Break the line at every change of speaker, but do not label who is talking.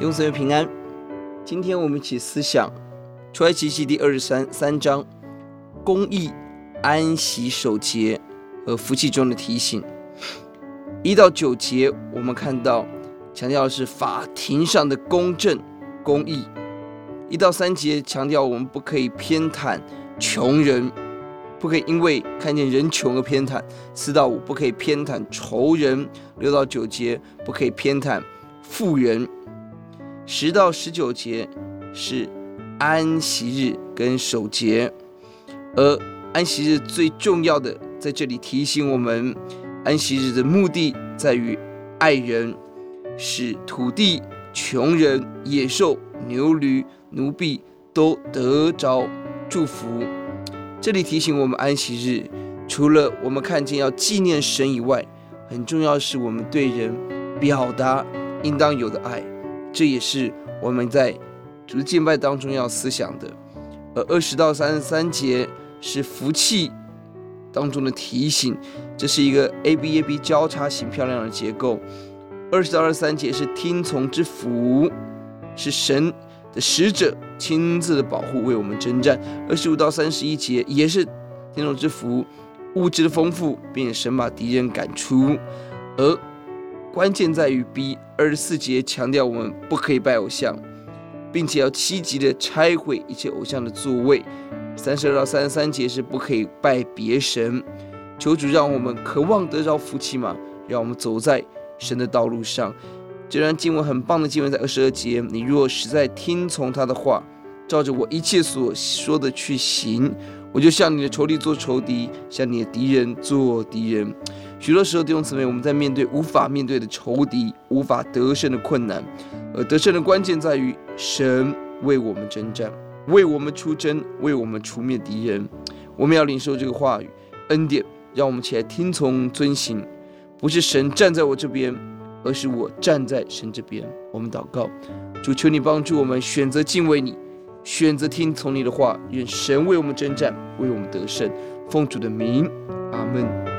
用歲月平安，今天我們一起思想《出埃及記》第二十三三章公義安息守節和福氣中的提醒。一到九節，我們看到強調的是法庭上的公正公義。一到三節強調我們不可以偏袒窮人，不可以因為看見人窮而偏袒。四到五不可以偏袒仇人。六到九節不可以偏袒富人。十到十九節是安息日跟守節，而安息日最重要的在這裡提醒我們，安息日的目的在於愛人，使土地、窮人、野獸、牛驢、奴婢都得着祝福。這裡提醒我們，安息日除了我們看見要紀念神以外，很重要是我們對人表達應當有的愛。這也是我們在主敬拜當中要思想的。而二十到三十三節是福氣當中的提醒，這是一個 A B A B 交叉型漂亮的結構。二十到二十三節是聽從之福，是神的使者親自的保護，為我們征戰。二十五到三十一節也是聽從之福，物質的豐富，並且神把敵人趕出。而關鍵在於 B 二十四節強調我們不可以拜偶像，並且要積極的拆毀一切偶像的座位。三十二到三十三節是不可以拜別神。求主讓我們渴望得着福氣嘛，讓我們走在神的道路上。這段經文很棒的經文在二十二節。你若實在聽從他的話，照着我一切所說的去行，我就向你的仇敵做仇敵，向你的敵人做敵人。許多時候，弟兄姊妹，我們在面對無法面對的仇敵，無法得勝的困難，而得勝的關鍵在於神為我們征戰，為我們出征，為我們除滅敵人。我們要領受這個話語恩典，讓我們起來聽從遵行。不是神站在我這邊，而是我站在神這邊。我們禱告，主，求你幫助我們選擇敬畏你，選擇聽從你的話。願神為我們征戰，為我們得勝。奉主的名，阿門。